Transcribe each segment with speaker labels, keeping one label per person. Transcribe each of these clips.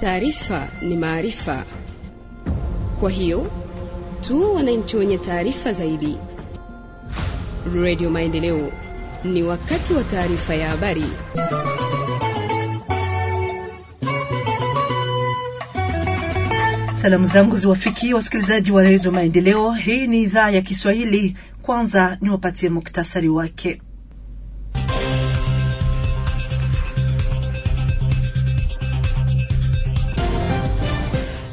Speaker 1: Taarifa
Speaker 2: ni maarifa, kwa hiyo tuwe wananchi wenye taarifa zaidi. Radio Maendeleo, ni wakati wa taarifa ya habari.
Speaker 3: Salamu zangu ziwafikie wasikilizaji wa Redio Maendeleo. Hii ni idhaa ya Kiswahili. Kwanza niwapatie muktasari wake.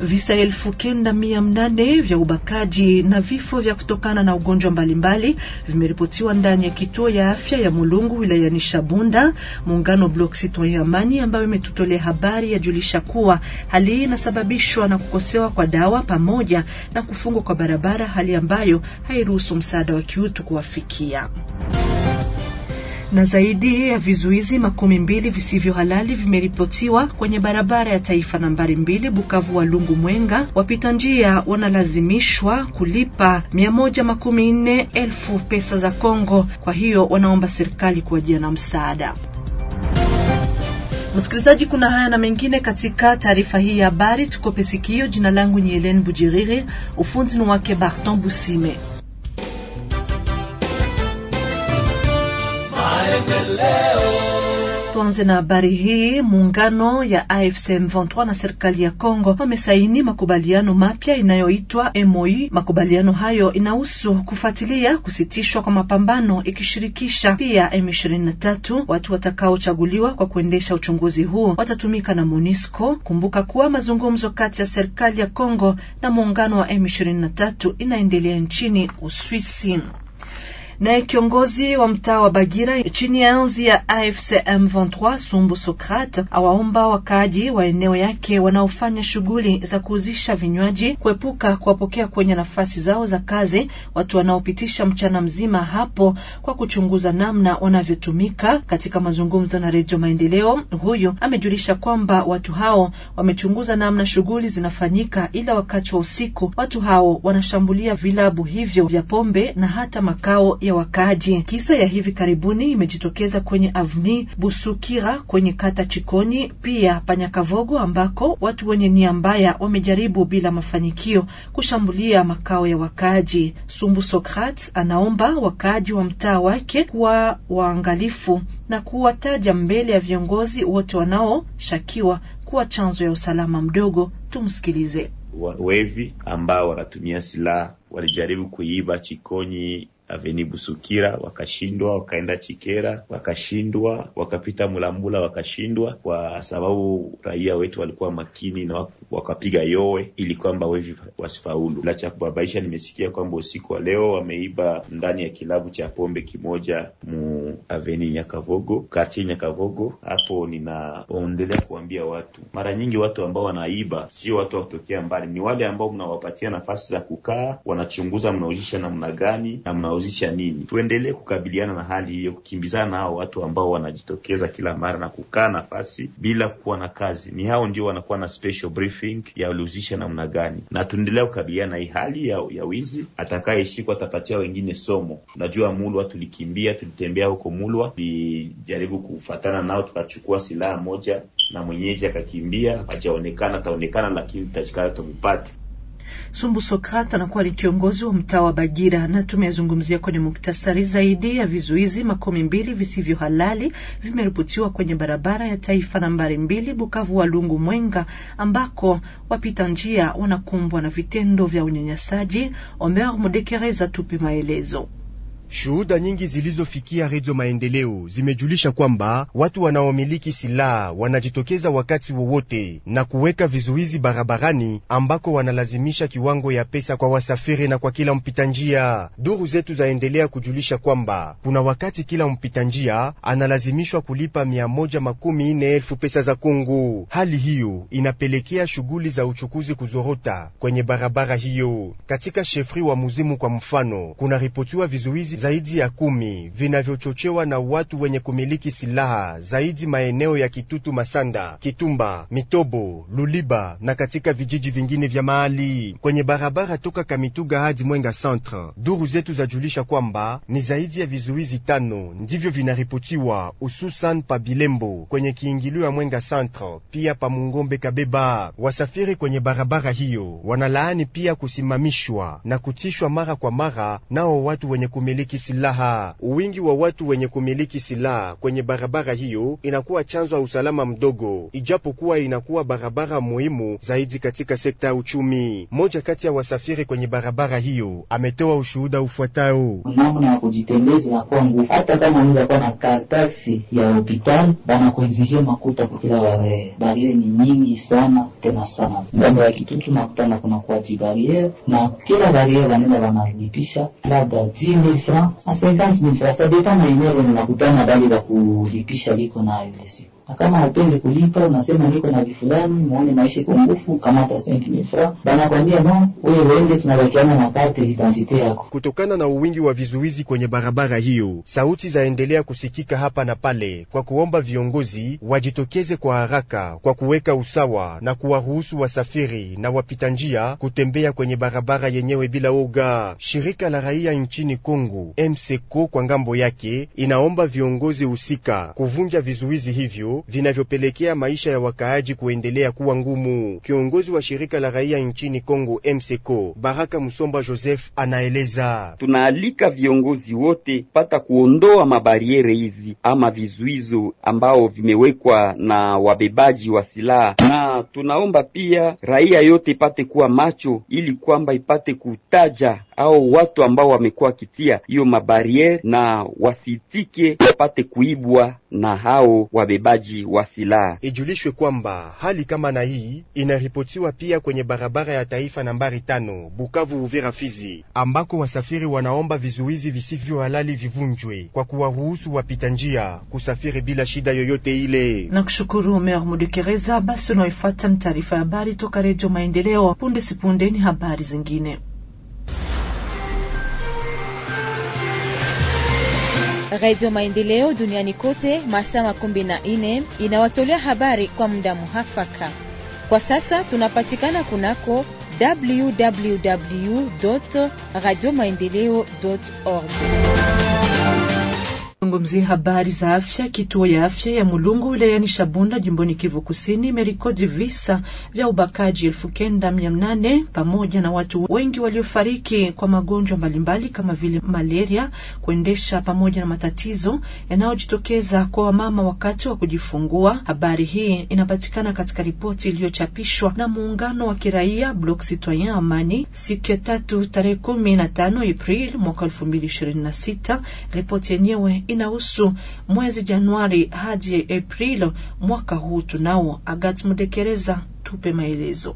Speaker 3: visa elfu kenda mia mnane vya ubakaji na vifo vya kutokana na ugonjwa mbalimbali vimeripotiwa ndani ya kituo ya afya ya Mulungu wilayani Shabunda. Muungano Bloc Citoyen Amani ambayo imetutolea habari yajulisha kuwa hali hii inasababishwa na kukosewa kwa dawa pamoja na kufungwa kwa barabara, hali ambayo hairuhusu msaada wa kiutu kuwafikia na zaidi ya vizuizi makumi mbili visivyo halali vimeripotiwa kwenye barabara ya taifa nambari mbili Bukavu wa lungu Mwenga. Wapita njia wanalazimishwa kulipa mia moja makumi nne elfu pesa za Kongo. Kwa hiyo wanaomba serikali kuwajia na msaada. Msikilizaji, kuna haya na mengine katika taarifa hii ya habari. Tukope sikio. Jina langu ni Helene Bujiriri, ufunzi ni wake Barton Busime. Tuanze na habari hii. Muungano ya AFC M23 na serikali ya congo wamesaini makubaliano mapya inayoitwa MOI. E. Makubaliano hayo inahusu kufuatilia kusitishwa kwa mapambano ikishirikisha pia M23. Watu watakaochaguliwa kwa kuendesha uchunguzi huo watatumika na MONUSCO. Kumbuka kuwa mazungumzo kati ya serikali ya congo na muungano wa M23 inaendelea nchini Uswisi. Naye kiongozi wa mtaa wa Bagira chini ya enzi ya AFC M23 Sumbu Sokrat awaomba wakaaji wa eneo yake wanaofanya shughuli za kuuzisha vinywaji kuepuka kuwapokea kwenye nafasi zao za kazi watu wanaopitisha mchana mzima hapo kwa kuchunguza namna wanavyotumika. Katika mazungumzo na Redio Maendeleo, huyu amejulisha kwamba watu hao wamechunguza namna shughuli zinafanyika, ila wakati wa usiku watu hao wanashambulia vilabu hivyo vya pombe na hata makao ya wakaaji. Kisa ya hivi karibuni imejitokeza kwenye Avni Busukira kwenye kata Chikoni, pia Panyakavogo ambako watu wenye nia mbaya wamejaribu bila mafanikio kushambulia makao ya wakaaji. Sumbu Sokrat anaomba wakaaji wa mtaa wake kuwa waangalifu na kuwataja mbele ya viongozi wote wanaoshakiwa kuwa chanzo ya usalama mdogo. Tumsikilize.
Speaker 4: Wevi ambao wanatumia silaha walijaribu kuiba Chikonyi Aveni Busukira wakashindwa, wakaenda Chikera wakashindwa, wakapita Mulambula wakashindwa, kwa sababu raia wetu walikuwa makini na wakapiga yowe ili kwamba wevi wasifaulu. La cha kubabaisha, nimesikia kwamba usiku wa leo wameiba ndani ya kilabu cha pombe kimoja mu Aveni Nyakavogo, kartie Nyakavogo. Hapo ninaendelea kuambia watu, mara nyingi watu ambao wanaiba sio watu wakutokea mbali, ni wale ambao mnawapatia nafasi za kukaa, wanachunguza, mnaujisha namna gani na mna tutahuzisha nini? Tuendelee kukabiliana na hali hiyo, kukimbizana na hao watu ambao wanajitokeza kila mara na kukaa nafasi bila kuwa na kazi. Ni hao ndio wanakuwa na special briefing ya walihuzisha namna gani, na tuendelee kukabiliana na hii hali ya, ya wizi. Atakayeshikwa atapatia wengine somo. Najua Mulwa tulikimbia, tulitembea huko Mulwa, tulijaribu kufatana nao, tukachukua silaha moja na mwenyeji akakimbia, hajaonekana. Ataonekana lakini tachikala tumpate.
Speaker 3: Sumbu Sokrat anakuwa ni kiongozi wa mtaa wa Bagira na tumeyazungumzia kwenye muktasari. Zaidi ya vizuizi makumi mbili visivyo halali vimeripotiwa kwenye barabara ya taifa nambari mbili Bukavu wa lungu Mwenga, ambako wapita njia wanakumbwa na vitendo vya unyanyasaji. Omer Mudekereza tupe maelezo.
Speaker 5: Shuhuda nyingi zilizofikia Redio Maendeleo zimejulisha kwamba watu wanaomiliki silaha wanajitokeza wakati wowote na kuweka vizuizi barabarani ambako wanalazimisha kiwango ya pesa kwa wasafiri na kwa kila mpita njia. Duru zetu zaendelea kujulisha kwamba kuna wakati kila mpita njia analazimishwa kulipa mia moja makumi nne elfu pesa za Kongo. Hali hiyo inapelekea shughuli za uchukuzi kuzorota kwenye barabara hiyo. Katika shefri wa Muzimu kwa mfano, kuna ripotiwa vizuizi zaidi ya kumi vinavyochochewa na watu wenye kumiliki silaha zaidi maeneo ya Kitutu, Masanda, Kitumba, Mitobo, Luliba na katika vijiji vingine vya mahali kwenye barabara toka Kamituga hadi Mwenga Centre. Duru zetu zajulisha kwamba ni zaidi ya vizuizi tano ndivyo vinaripotiwa hususan pa Bilembo kwenye kiingilio ya Mwenga Centre, pia pa Mungombe Kabeba. Wasafiri kwenye barabara hiyo wanalaani pia kusimamishwa na kutishwa mara kwa mara nao watu wenye kumiliki kumiliki silaha. Wingi wa watu wenye kumiliki silaha kwenye barabara hiyo inakuwa chanzo ya usalama mdogo, ijapokuwa inakuwa barabara muhimu zaidi katika sekta ya uchumi. Moja kati ya wasafiri kwenye barabara hiyo ametoa ushuhuda ufuatao: namna ya kujitembeza inakuwa nguvu, hata kama unaweza kuwa na karatasi ya
Speaker 6: hospitali banakuizishia makuta kwa kila Bariere ni nyingi sana tena sana,
Speaker 4: ngambo
Speaker 3: ya Kitutu nakutana kunakuwa jibariere na kila bariere wanaenda wanalipisha labda 10,000 francs gharama na serikali zimejitahidi sana, enyewe na za kulipisha liko na ile siku na kama hapendi kulipa unasema niko na vifulani muone naishi pungufu,
Speaker 2: kamata
Speaker 5: 5000
Speaker 3: francs, banakwambia no, wewe wende, tunabakiana na kati d'identité yako.
Speaker 5: Kutokana na uwingi wa vizuizi kwenye barabara hiyo, sauti zaendelea kusikika hapa na pale kwa kuomba viongozi wajitokeze kwa haraka kwa kuweka usawa na kuwaruhusu wasafiri na wapita njia kutembea kwenye barabara yenyewe bila oga. Shirika la raia nchini Kongo mck e kwa ngambo yake inaomba viongozi husika kuvunja vizuizi hivyo vinavyopelekea maisha ya wakaaji kuendelea kuwa ngumu. Kiongozi wa shirika la raia nchini Kongo MSECO, Baraka Musomba Joseph, anaeleza: tunaalika viongozi wote pata kuondoa mabariere hizi ama vizuizo ambao vimewekwa na wabebaji wa silaha, na tunaomba pia raia yote ipate kuwa macho ili kwamba ipate kutaja au watu ambao wamekuwa kitia hiyo mabariere na wasitike wapate kuibwa na hao wabebaji wa silaha. Ijulishwe kwamba hali kama na hii inaripotiwa pia kwenye barabara ya taifa nambari tano Bukavu Uvira Fizi, ambako wasafiri wanaomba vizuizi visivyo halali vivunjwe kwa kuwaruhusu wapita njia kusafiri bila shida yoyote ile.
Speaker 3: Na kushukuru Mahmud Kereza. Basi unaoifuata ni taarifa ya habari toka Redio Maendeleo. Punde sipunde ni habari zingine.
Speaker 2: Radio Maendeleo duniani kote masaa makumi na inawatolea habari kwa muda muhafaka. Kwa sasa tunapatikana kunako www radio maendeleo
Speaker 3: org Zungumzia habari za afya. Kituo ya afya ya Mulungu wilayani Shabunda jimboni Kivu Kusini imerikodi visa vya ubakaji elfu kenda mia nane pamoja na watu wengi waliofariki kwa magonjwa mbalimbali kama vile malaria, kuendesha pamoja na matatizo yanayojitokeza kwa wamama wakati wa kujifungua. Habari hii inapatikana katika ripoti iliyochapishwa na muungano wa kiraia Bloc Citoyen Amani siku ya tatu tarehe kumi na tano Aprili mwaka elfu mbili ishirini na sita. Ripoti yenyewe inahusu mwezi Januari hadi Aprili mwaka huu tunao. Agat Mudekereza, tupe maelezo.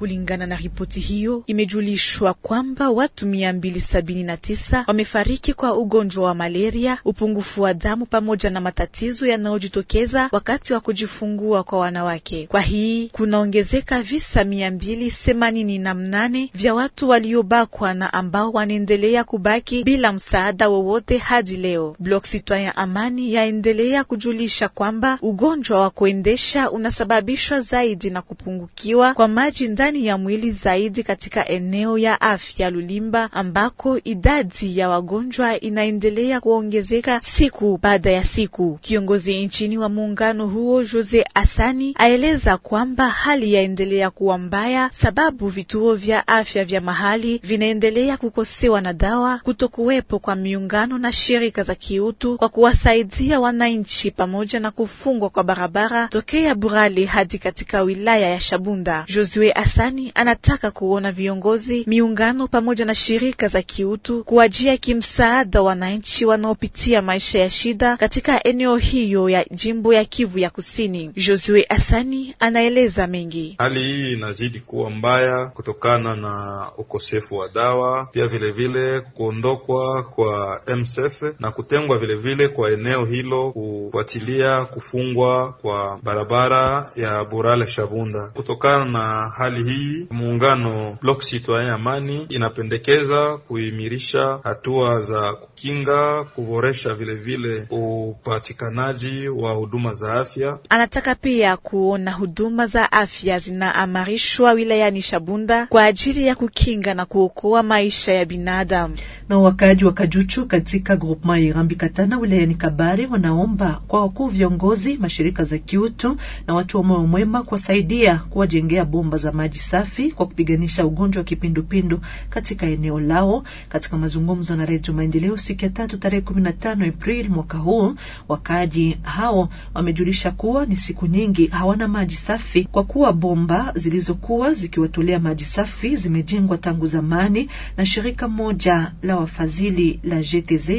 Speaker 1: Kulingana na ripoti hiyo, imejulishwa kwamba watu mia mbili sabini na tisa wamefariki kwa ugonjwa wa malaria, upungufu wa damu, pamoja na matatizo yanayojitokeza wakati wa kujifungua kwa wanawake. Kwa hii kunaongezeka visa mia mbili themanini na mnane vya watu waliobakwa na ambao wanaendelea kubaki bila msaada wowote hadi leo. Blok ya Amani yaendelea kujulisha kwamba ugonjwa wa kuendesha unasababishwa zaidi na kupungukiwa kwa maji ndani ndani ya mwili zaidi katika eneo ya afya Lulimba ambako idadi ya wagonjwa inaendelea kuongezeka siku baada ya siku. Kiongozi nchini wa muungano huo Jose Asani aeleza kwamba hali yaendelea kuwa mbaya sababu vituo vya afya vya mahali vinaendelea kukosewa na dawa, kutokuwepo kwa miungano na shirika za kiutu kwa kuwasaidia wananchi, pamoja na kufungwa kwa barabara tokea Burali hadi katika wilaya ya Shabunda. Josue Asani Hasani anataka kuona viongozi, miungano pamoja na shirika za kiutu kuajia kimsaada wananchi wanaopitia maisha ya shida katika eneo hiyo ya jimbo ya Kivu ya Kusini. Josue Hasani anaeleza mengi.
Speaker 6: Hali hii inazidi kuwa mbaya kutokana na ukosefu wa dawa, pia vilevile kuondokwa kwa MSF na kutengwa vilevile kwa eneo hilo kufuatilia kufungwa kwa barabara ya Burale Shabunda kutokana na hali Hali hii muungano Bloc Citoyen Amani inapendekeza kuimirisha hatua za kukinga, kuboresha vilevile upatikanaji wa huduma za afya.
Speaker 1: Anataka pia kuona huduma za afya zinaamarishwa wilayani Shabunda kwa ajili ya kukinga na kuokoa maisha ya binadamu na
Speaker 3: wakaaji wa Kajuchu katika groupema ya Irambi Katana wilayani Kabare wanaomba kwa wakuu viongozi, mashirika za kiutu na watu wa moyo mwema kuwasaidia kuwajengea bomba za maji safi kwa kupiganisha ugonjwa wa kipindupindu katika eneo lao. Katika mazungumzo na Redio Maendeleo siku ya tatu tarehe 15 Aprili mwaka huu, wakaaji hao wamejulisha kuwa ni siku nyingi hawana maji safi kwa kuwa bomba zilizokuwa zikiwatolea maji safi zimejengwa tangu zamani na shirika moja la wafadhili la GTZ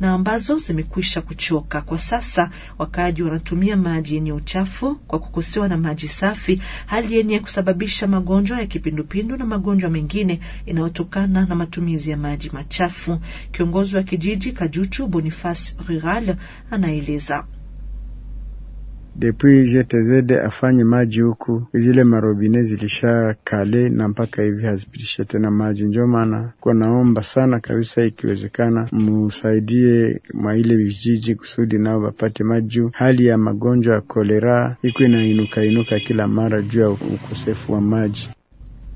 Speaker 3: na ambazo zimekwisha kuchoka. Kwa sasa wakaaji wanatumia maji yenye uchafu kwa kukosewa na maji safi, hali yenye kusababisha magonjwa ya kipindupindu na magonjwa mengine inayotokana na matumizi ya maji machafu. Kiongozi wa kijiji Kajuchu Boniface Rural anaeleza
Speaker 6: depuis GTZ afanye maji huku, zile marobine zilisha kale na mpaka hivi hazipitishe tena maji. Ndio maana kwa naomba sana kabisa, ikiwezekana musaidie mwa ile vijiji kusudi nao wapate maji juu hali ya magonjwa ya kolera iko inainuka inuka kila mara juu ya ukosefu wa maji.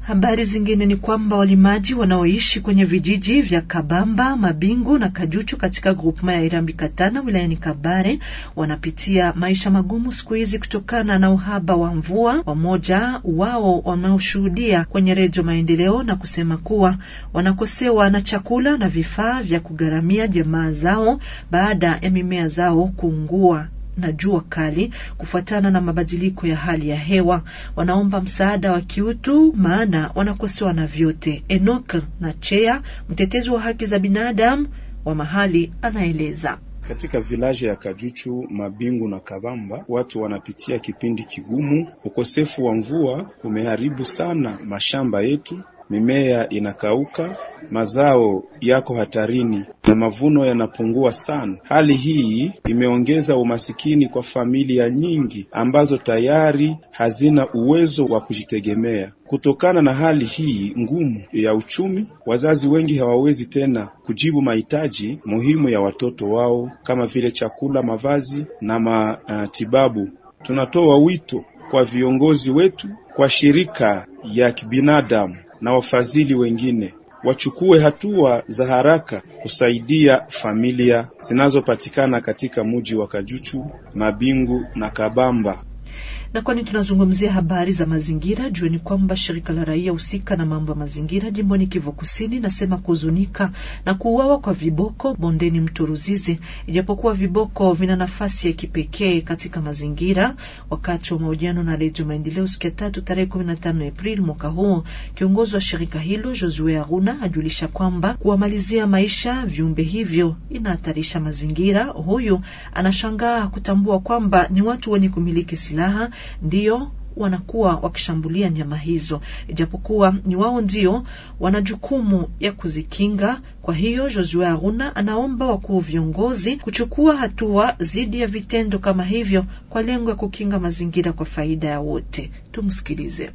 Speaker 3: Habari zingine ni kwamba walimaji wanaoishi kwenye vijiji vya Kabamba, Mabingu na Kajuchu katika grupma ya Irambi Katana wilayani Kabare wanapitia maisha magumu siku hizi kutokana na uhaba wa mvua. Wamoja wao wanaoshuhudia kwenye Redio Maendeleo na kusema kuwa wanakosewa na chakula na vifaa vya kugharamia jamaa zao baada ya mimea zao kuungua na jua kali kufuatana na mabadiliko ya hali ya hewa. Wanaomba msaada wa kiutu, maana wanakosewa na vyote. Enok na Chea, mtetezi wa haki za binadamu wa mahali, anaeleza
Speaker 6: katika vilaje ya Kajuchu, Mabingu na Kabamba watu wanapitia kipindi kigumu. Ukosefu wa mvua umeharibu sana mashamba yetu, mimea inakauka mazao yako hatarini na mavuno yanapungua sana. Hali hii imeongeza umasikini kwa familia nyingi ambazo tayari hazina uwezo wa kujitegemea. Kutokana na hali hii ngumu ya uchumi, wazazi wengi hawawezi tena kujibu mahitaji muhimu ya watoto wao kama vile chakula, mavazi na matibabu. Tunatoa wito kwa viongozi wetu, kwa shirika ya kibinadamu na wafadhili wengine wachukue hatua za haraka kusaidia familia zinazopatikana katika mji wa Kajuchu, Mabingu na Kabamba.
Speaker 3: Na kwani tunazungumzia habari za mazingira, jueni kwamba shirika la raia husika na mambo ya mazingira jimboni Kivu Kusini nasema kuhuzunika na kuuawa kwa viboko bondeni mto Ruzizi. Ijapokuwa viboko vina nafasi ya kipekee katika mazingira, wakati wa mahojiano na Redio Maendeleo siku ya tatu tarehe tano Aprili mwaka huu, kiongozi wa shirika hilo Josue Aruna ajulisha kwamba kuwamalizia maisha viumbe hivyo inahatarisha mazingira. Huyu anashangaa kutambua kwamba ni watu wenye kumiliki silaha ndio wanakuwa wakishambulia nyama hizo, ijapokuwa ni wao ndio wana jukumu ya kuzikinga. Kwa hiyo Josue Aruna anaomba wakuu viongozi kuchukua hatua dhidi ya vitendo kama hivyo kwa lengo ya kukinga mazingira kwa faida ya wote. Tumsikilize.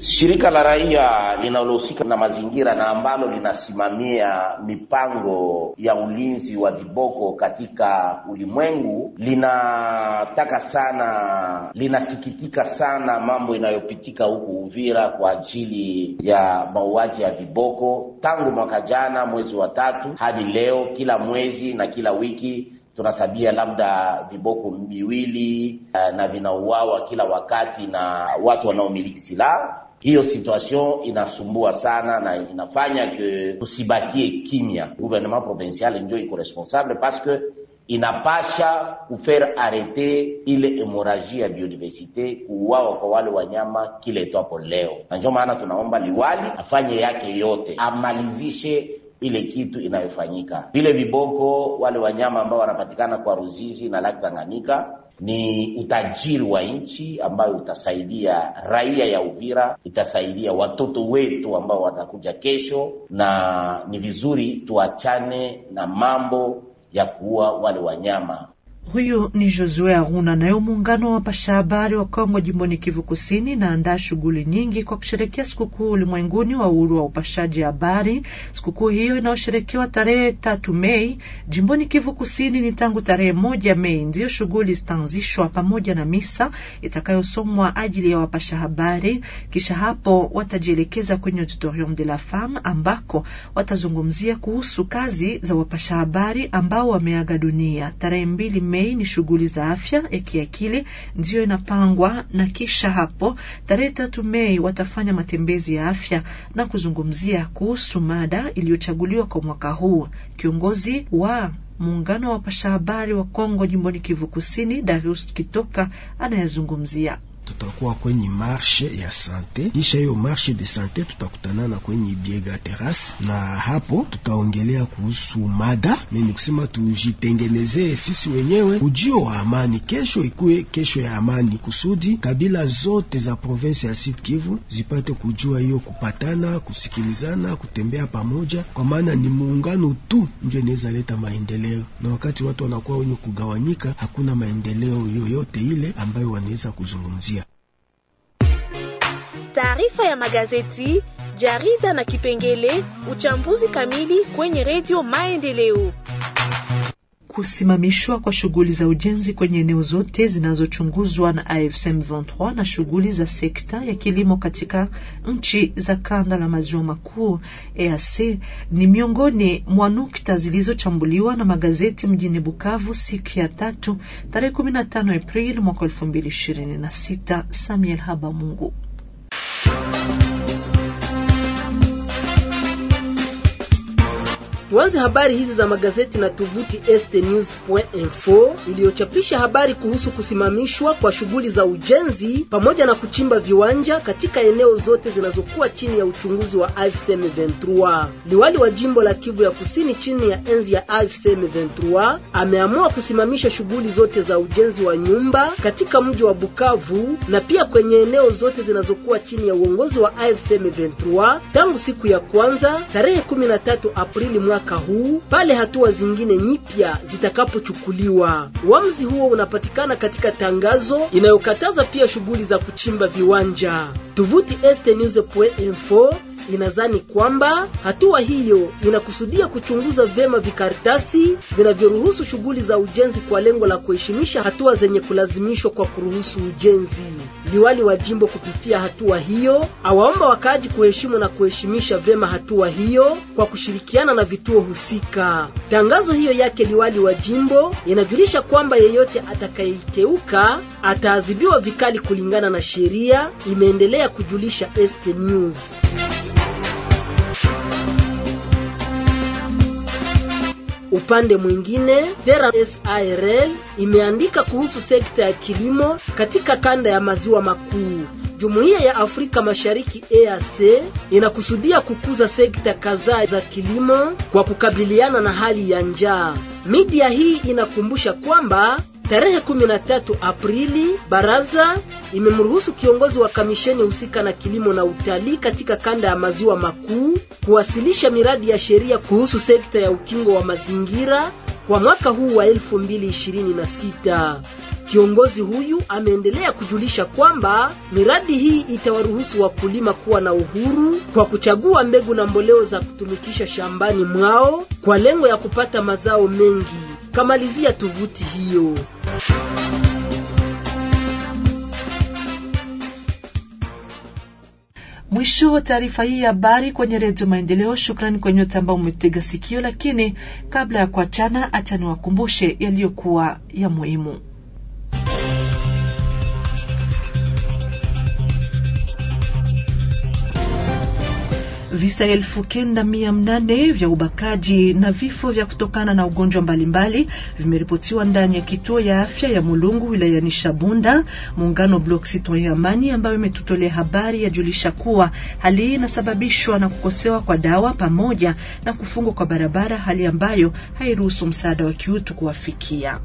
Speaker 3: Shirika
Speaker 7: la raia linalohusika na mazingira na ambalo linasimamia mipango ya ulinzi wa viboko katika ulimwengu linataka sana, linasikitika sana mambo inayopitika huku Uvira kwa ajili ya mauaji ya viboko tangu mwaka jana mwezi wa tatu hadi leo. Kila mwezi na kila wiki tunasabia labda viboko miwili eh, na vinauawa kila wakati na watu wanaomiliki silaha hiyo situation inasumbua sana na inafanya ke tusibakie kimya. Gouvernement provincial ndio iko responsable parce que inapasha kufaire arrete ile hemorragie ya biodiversite, kuuawa kwa wale wanyama kile itwapo leo, na ndio maana tunaomba liwali afanye yake yote amalizishe ile kitu inayofanyika, vile viboko, wale wanyama ambao wanapatikana kwa Ruzizi na Lake Tanganyika ni utajiri wa nchi ambayo utasaidia raia ya Uvira, itasaidia watoto wetu ambao watakuja kesho, na ni vizuri tuachane na mambo ya kuua wale wanyama
Speaker 3: Huyu ni Josue Aruna. Nayo muungano wa pashahabari wa Kongo jimboni Kivu Kusini naandaa shughuli nyingi kwa kusherekea sikukuu ulimwenguni wa uhuru wa upashaji habari. Sikukuu hiyo inayosherekewa tarehe tatu Mei jimboni Kivu Kusini ni tangu tarehe moja Mei ndiyo shughuli zitaanzishwa pamoja na misa itakayosomwa ajili ya wapasha habari. Kisha hapo watajielekeza kwenye Auditorium de la Femme ambako watazungumzia kuhusu kazi za wapasha habari ambao wameaga dunia tarehe mbili Mei ni shughuli za afya ya kiakili ndiyo inapangwa, na kisha hapo tarehe tatu Mei watafanya matembezi ya afya na kuzungumzia kuhusu mada iliyochaguliwa kwa mwaka huu. Kiongozi wa muungano wa wapasha habari wa Kongo jimboni Kivu Kusini, Darius Kitoka anayezungumzia
Speaker 5: tutakuwa kwenye marshe ya sante. Kisha hiyo marshe de sante tutakutanana kwenye biega terrasse, na hapo tutaongelea kuhusu mada nini, kusema tujitengenezee sisi wenyewe ujio wa amani, kesho ikuwe kesho ya amani, kusudi kabila zote za provensi ya Sud Kivu zipate kujua hiyo kupatana, kusikilizana, kutembea pamoja, kwa maana ni muungano tu ndio inaweza leta maendeleo, na wakati watu wanakuwa wenye kugawanyika, hakuna maendeleo yoyote ile ambayo wanaweza kuzungumzia
Speaker 1: taarifa ya magazeti, jarida na kipengele uchambuzi kamili kwenye redio Maendeleo.
Speaker 3: Kusimamishwa kwa shughuli za ujenzi kwenye eneo zote zinazochunguzwa na AFC M23 na shughuli za sekta ya kilimo katika nchi za kanda la maziwa makuu EAC ni miongoni mwa nukta zilizochambuliwa na magazeti mjini Bukavu siku ya tatu tarehe 15 Aprili mwaka 2026. Samuel Habamungu Thank you. Tuanze habari
Speaker 2: hizi za magazeti na tovuti estnews.info iliyochapisha habari kuhusu kusimamishwa kwa shughuli za ujenzi pamoja na kuchimba viwanja katika eneo zote zinazokuwa chini ya uchunguzi wa AFC/M23. Liwali wa jimbo la Kivu ya Kusini chini ya enzi ya AFC/M23 ameamua kusimamisha shughuli zote za ujenzi wa nyumba katika mji wa Bukavu na pia kwenye eneo zote zinazokuwa chini ya uongozi wa AFC/M23 tangu siku ya kwanza tarehe 13 Aprili mwaka mwaka huu pale hatua zingine nyipya zitakapochukuliwa. Uamuzi huo unapatikana katika tangazo inayokataza pia shughuli za kuchimba viwanja. Tuvuti este linadhani kwamba hatua hiyo inakusudia kuchunguza vyema vikaratasi vinavyoruhusu shughuli za ujenzi kwa lengo la kuheshimisha hatua zenye kulazimishwa kwa kuruhusu ujenzi. Liwali wa jimbo kupitia hatua hiyo awaomba wakaaji kuheshimu na kuheshimisha vyema hatua hiyo kwa kushirikiana na vituo husika. Tangazo hiyo yake liwali wa jimbo inajulisha kwamba yeyote atakayeikeuka ataadhibiwa vikali kulingana na sheria, imeendelea kujulisha Este News. Upande mwingine Zera SARL imeandika kuhusu sekta ya kilimo katika kanda ya maziwa makuu. Jumuiya ya Afrika Mashariki EAC inakusudia kukuza sekta kadhaa za kilimo kwa kukabiliana na hali ya njaa. Media hii inakumbusha kwamba Tarehe 13 Aprili, baraza imemruhusu kiongozi wa kamisheni husika na kilimo na utalii katika kanda ya maziwa makuu kuwasilisha miradi ya sheria kuhusu sekta ya ukingo wa mazingira kwa mwaka huu wa 2026. Kiongozi huyu ameendelea kujulisha kwamba miradi hii itawaruhusu wakulima kuwa na uhuru kwa kuchagua mbegu na mboleo za kutumikisha shambani mwao kwa lengo ya kupata mazao mengi kamalizia tovuti hiyo.
Speaker 3: Mwisho wa taarifa hii ya habari kwenye Redio Maendeleo. Shukrani kwa nyote ambao umetega sikio, lakini kabla ya kuachana, achani wakumbushe yaliyokuwa ya muhimu. visa elfu kenda mia mnane vya ubakaji na vifo vya kutokana na ugonjwa mbalimbali vimeripotiwa ndani ya kituo ya afya ya Mulungu wilayani Shabunda. Muungano Blok Citoyen Amani ambayo imetutolea habari yajulisha kuwa hali hii inasababishwa na kukosewa kwa dawa pamoja na kufungwa kwa barabara, hali ambayo hairuhusu msaada wa kiutu kuwafikia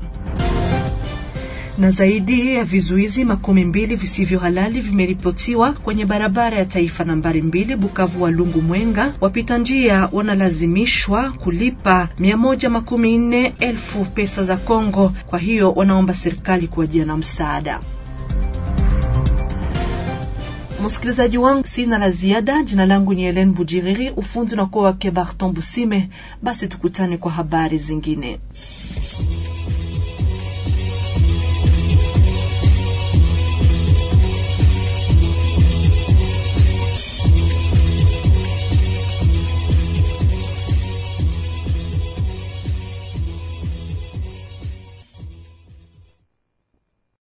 Speaker 3: na zaidi ya vizuizi makumi mbili visivyo halali vimeripotiwa kwenye barabara ya taifa nambari mbili Bukavu wa Lungu Mwenga. Wapita njia wanalazimishwa kulipa mia moja makumi nne elfu pesa za Kongo, kwa hiyo wanaomba serikali kuwajia na msaada. Msikilizaji wangu, sina la ziada. Jina langu ni Helen Bujiriri, ufundi na kuwa wake Barton Busime. Basi tukutane kwa habari zingine.